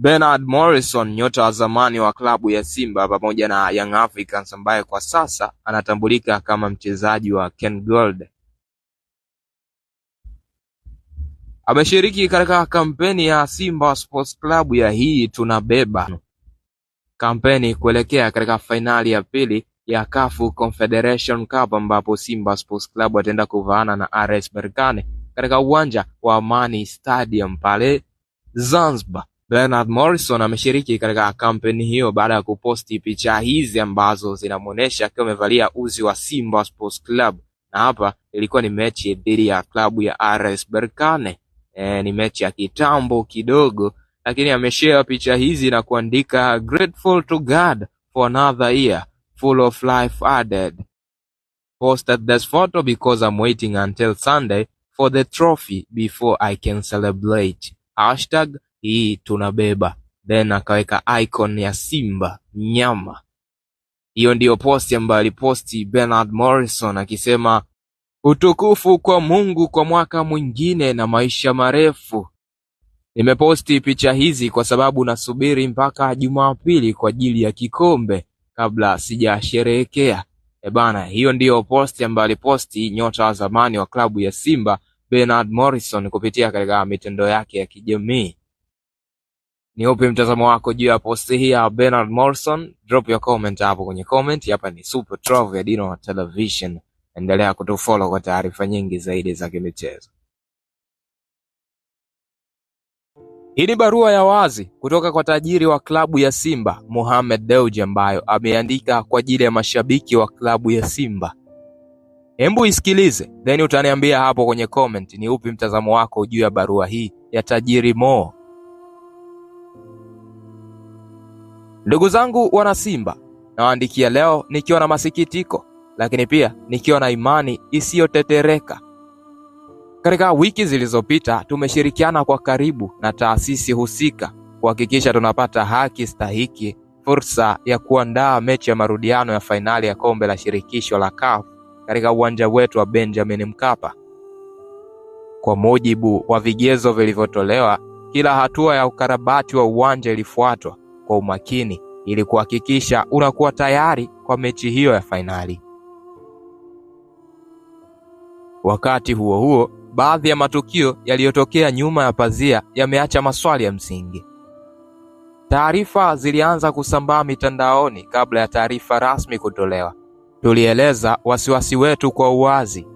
Bernard Morrison nyota wa zamani wa klabu ya Simba pamoja na Young Africans ambaye kwa sasa anatambulika kama mchezaji wa Ken Gold ameshiriki katika kampeni ya Simba Sports Club ya hii tunabeba kampeni kuelekea katika fainali ya pili ya Kafu Confederation Cup ambapo Simba Sports Club ataenda kuvaana na RS Berkane katika uwanja wa Amani Stadium pale Zanzibar. Bernard Morrison ameshiriki katika kampeni hiyo baada ya kuposti picha hizi ambazo zinamuonesha akiwa amevalia uzi wa Simba Sports Club, na hapa ilikuwa ni mechi dhidi ya klabu ya RS Berkane. E, ni mechi ya kitambo kidogo, lakini ameshare picha hizi na kuandika grateful to God for another year full of life added posted this photo because I'm waiting until Sunday for the trophy before I can celebrate hashtag hii tunabeba then akaweka icon ya simba mnyama. Hiyo ndiyo posti ambayo aliposti Bernard Morrison akisema utukufu kwa Mungu kwa mwaka mwingine na maisha marefu. Nimeposti picha hizi kwa sababu nasubiri mpaka Jumapili kwa ajili ya kikombe kabla sijasherehekea. E bana, hiyo ndiyo posti ambayo aliposti nyota wa zamani wa klabu ya Simba Bernard Morrison kupitia katika mitendo yake ya kijamii ni upi mtazamo wako juu ya posti hii ya Bernard Morrison? Drop your comment hapo kwenye comment. Hapa ni Super Trove ya Dino Television, endelea kutufollow kwa taarifa nyingi zaidi za kimichezo. Hii ni barua ya wazi kutoka kwa tajiri wa klabu ya Simba Mohamed Dewji, ambayo ameandika kwa ajili ya mashabiki wa klabu ya Simba. Hebu isikilize, then utaniambia hapo kwenye comment ni upi mtazamo wako juu ya barua hii ya tajiri Mo. Ndugu zangu wanasimba, nawaandikia leo nikiwa na masikitiko, lakini pia nikiwa na imani isiyotetereka. Katika wiki zilizopita tumeshirikiana kwa karibu na taasisi husika kuhakikisha tunapata haki stahiki, fursa ya kuandaa mechi ya marudiano ya fainali ya kombe la shirikisho la CAF katika uwanja wetu wa Benjamin Mkapa. Kwa mujibu wa vigezo vilivyotolewa, kila hatua ya ukarabati wa uwanja ilifuatwa kwa umakini ili kuhakikisha unakuwa tayari kwa mechi hiyo ya fainali. Wakati huo huo, baadhi ya matukio yaliyotokea nyuma ya pazia yameacha maswali ya msingi. Taarifa zilianza kusambaa mitandaoni kabla ya taarifa rasmi kutolewa. Tulieleza wasiwasi wetu kwa uwazi.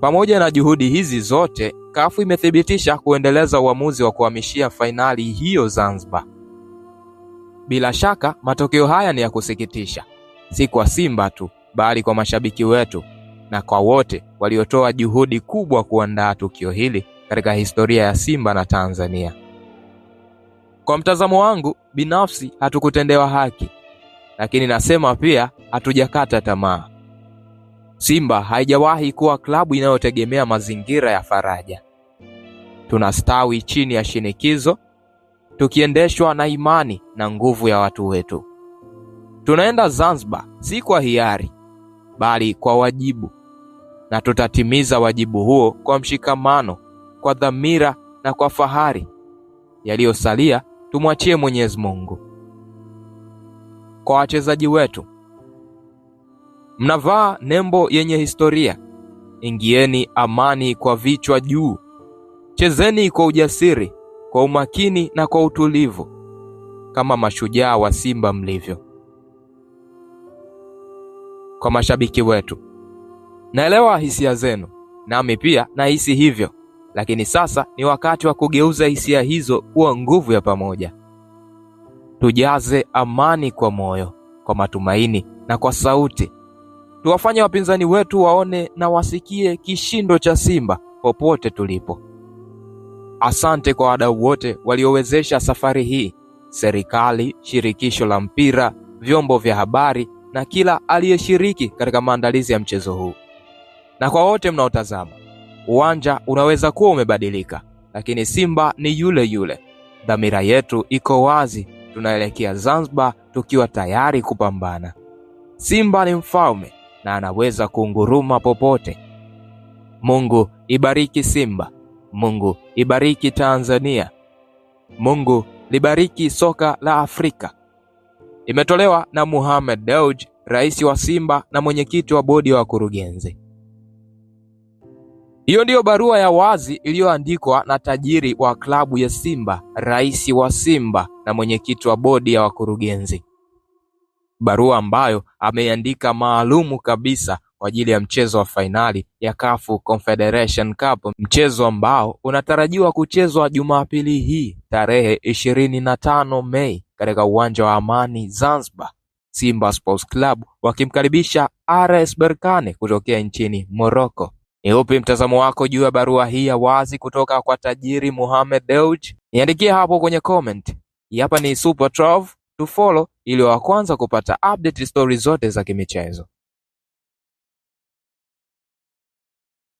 Pamoja na juhudi hizi zote, CAF imethibitisha kuendeleza uamuzi wa kuhamishia fainali hiyo Zanzibar. Bila shaka matokeo haya ni ya kusikitisha, si kwa Simba tu, bali kwa mashabiki wetu na kwa wote waliotoa juhudi kubwa kuandaa tukio hili katika historia ya Simba na Tanzania. Kwa mtazamo wangu binafsi, hatukutendewa haki, lakini nasema pia hatujakata tamaa. Simba haijawahi kuwa klabu inayotegemea mazingira ya faraja. Tunastawi chini ya shinikizo, tukiendeshwa na imani na nguvu ya watu wetu. Tunaenda Zanzibar si kwa hiari, bali kwa wajibu, na tutatimiza wajibu huo kwa mshikamano, kwa dhamira na kwa fahari. Yaliyosalia tumwachie Mwenyezi Mungu. Kwa wachezaji wetu, mnavaa nembo yenye historia. Ingieni amani kwa vichwa juu, chezeni kwa ujasiri kwa umakini na kwa utulivu kama mashujaa wa Simba mlivyo. Kwa mashabiki wetu, naelewa hisia zenu, nami pia nahisi hivyo, lakini sasa ni wakati wa kugeuza hisia hizo kuwa nguvu ya pamoja. Tujaze amani kwa moyo, kwa matumaini na kwa sauti. Tuwafanye wapinzani wetu waone na wasikie kishindo cha Simba popote tulipo. Asante kwa wadau wote waliowezesha safari hii: serikali, shirikisho la mpira, vyombo vya habari na kila aliyeshiriki katika maandalizi ya mchezo huu. Na kwa wote mnaotazama, uwanja unaweza kuwa umebadilika, lakini Simba ni yule yule. Dhamira yetu iko wazi, tunaelekea Zanzibar tukiwa tayari kupambana. Simba ni mfalme na anaweza kunguruma popote. Mungu ibariki Simba. Mungu ibariki Tanzania. Mungu libariki soka la Afrika. Imetolewa na Mohamed Dewji, rais wa Simba na mwenyekiti wa bodi ya wa wakurugenzi. Hiyo ndiyo barua ya wazi iliyoandikwa na tajiri wa klabu ya Simba, rais wa Simba na mwenyekiti wa bodi ya wakurugenzi, barua ambayo ameandika maalumu kabisa kwa ajili ya mchezo wa fainali ya CAF Confederation Cup, mchezo ambao unatarajiwa kuchezwa Jumapili hii tarehe ishirini na tano Mei katika uwanja wa Amani Zanzibar. Simba Sports Club wakimkaribisha RS Berkane kutokea nchini Morocco. Ni upi mtazamo wako juu ya barua hii ya wazi kutoka kwa tajiri Mohamed Dewji? Niandikie hapo kwenye comment. Hapa ni Super Trove, tufollow ili wa kwanza kupata update story zote za kimichezo.